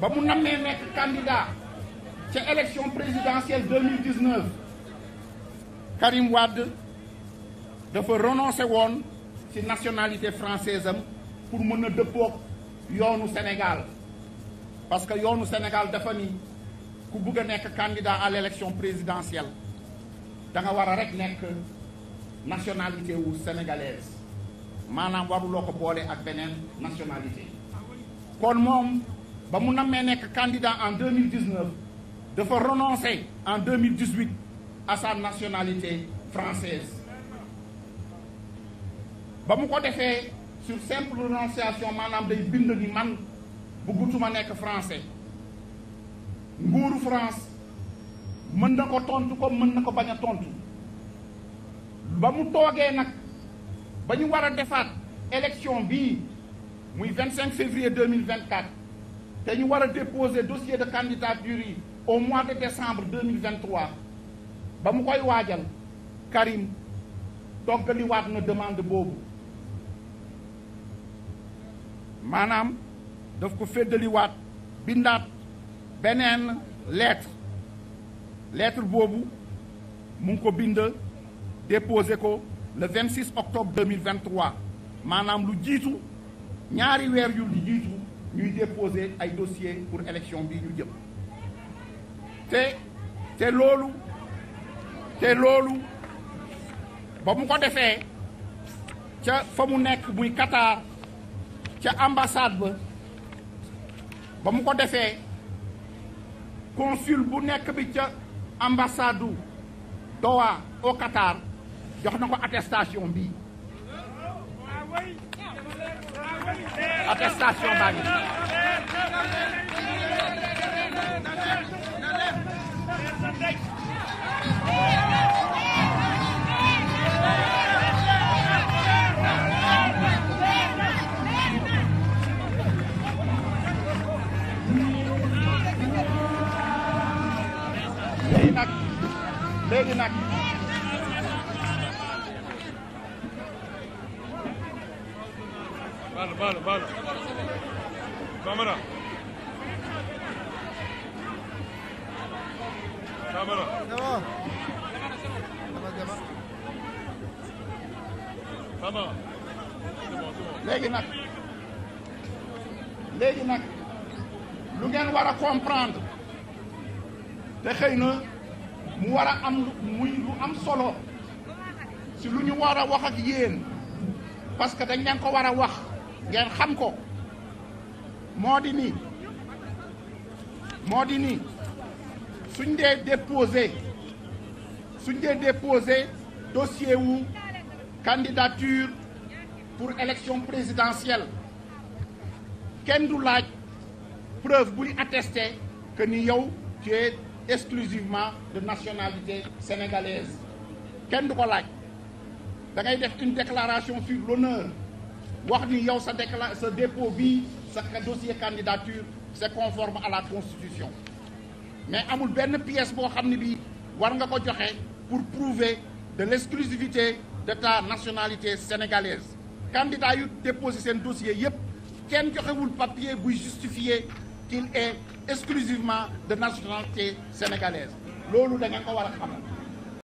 ba mu nammee nekk candidat ca élection présidentielle 2019 Karim Wade dafa renoncé woon ci nationalité française am pour mën a dëppoog yoonu Sénégal parce que yoonu Sénégal dafa ni ku bugg a nekk candidat à l'élection présidentielle da nga war a rek nekk nationalité wu sénégalaise maanaam waruloo ko boole ak beneen nationalité kon moom ba mu nammee nekk candidat en 2019 dafa renoncer en 2018 à sa nationalité française ba mu ko defee sur simple renonciation maanaam day bind ni man bëggatuma nekk français nguuru France mën na ko tontu ko mën na ko bañ a tontu ba mu toogee nag ba ñu war a defaat élection bii muy 25 février 2024 dañu war a déposé dossier de candidature yi au mois de décembre 2023 ba mu koy waajal Karim toggaliwaat na demande boobu maanaam daf ko féddaliwaat bindaat beneen lettre lettre boobu mu ngi ko bind déposé ko le 26 octobre 2023 maanaam lu jiitu ñaari weer yu lu jiitu ñuy déposer ay dossier pour élection bi ñu jëm te te loolu te loolu ba mu ko defee ca fa mu nekk muy Qatar ca ambassade ba ba mu ko defee consul bu nekk bi ca ambassade Doha au Qatar jox na ko attestation bi attestation baa ngi léegi nag léegi nag Bala, léegi nag léegi nag lu ngeen war a comprendre te xëy na mu war a am muy lu am solo si lu ñu war a wax ak yéen parce que dañ leen ko war a wax. ngeen xam ko moo di nii moo di ni suñ dee déposé suñ dee déposé dossier wu candidature pour élection présidentielle kenn du laaj preuve buy attesté que ni yow tu es exclusivement de nationalité sénégalaise kenn du ko laaj da ngay def une déclaration sur l'honneur wax ni yow sa décla sa dépôt bi sa dossier candidature c'est conforme à la constitution mais amul benn pièce boo xam ne bi war nga ko joxe pour prouver de l'exclusivité de ta nationalité sénégalaise candidat yu déposé seen dossier yépp kenn joxewul papier buy justifier qu'il est exclusivement de nationalité sénégalaise loolu da nga ko war a xam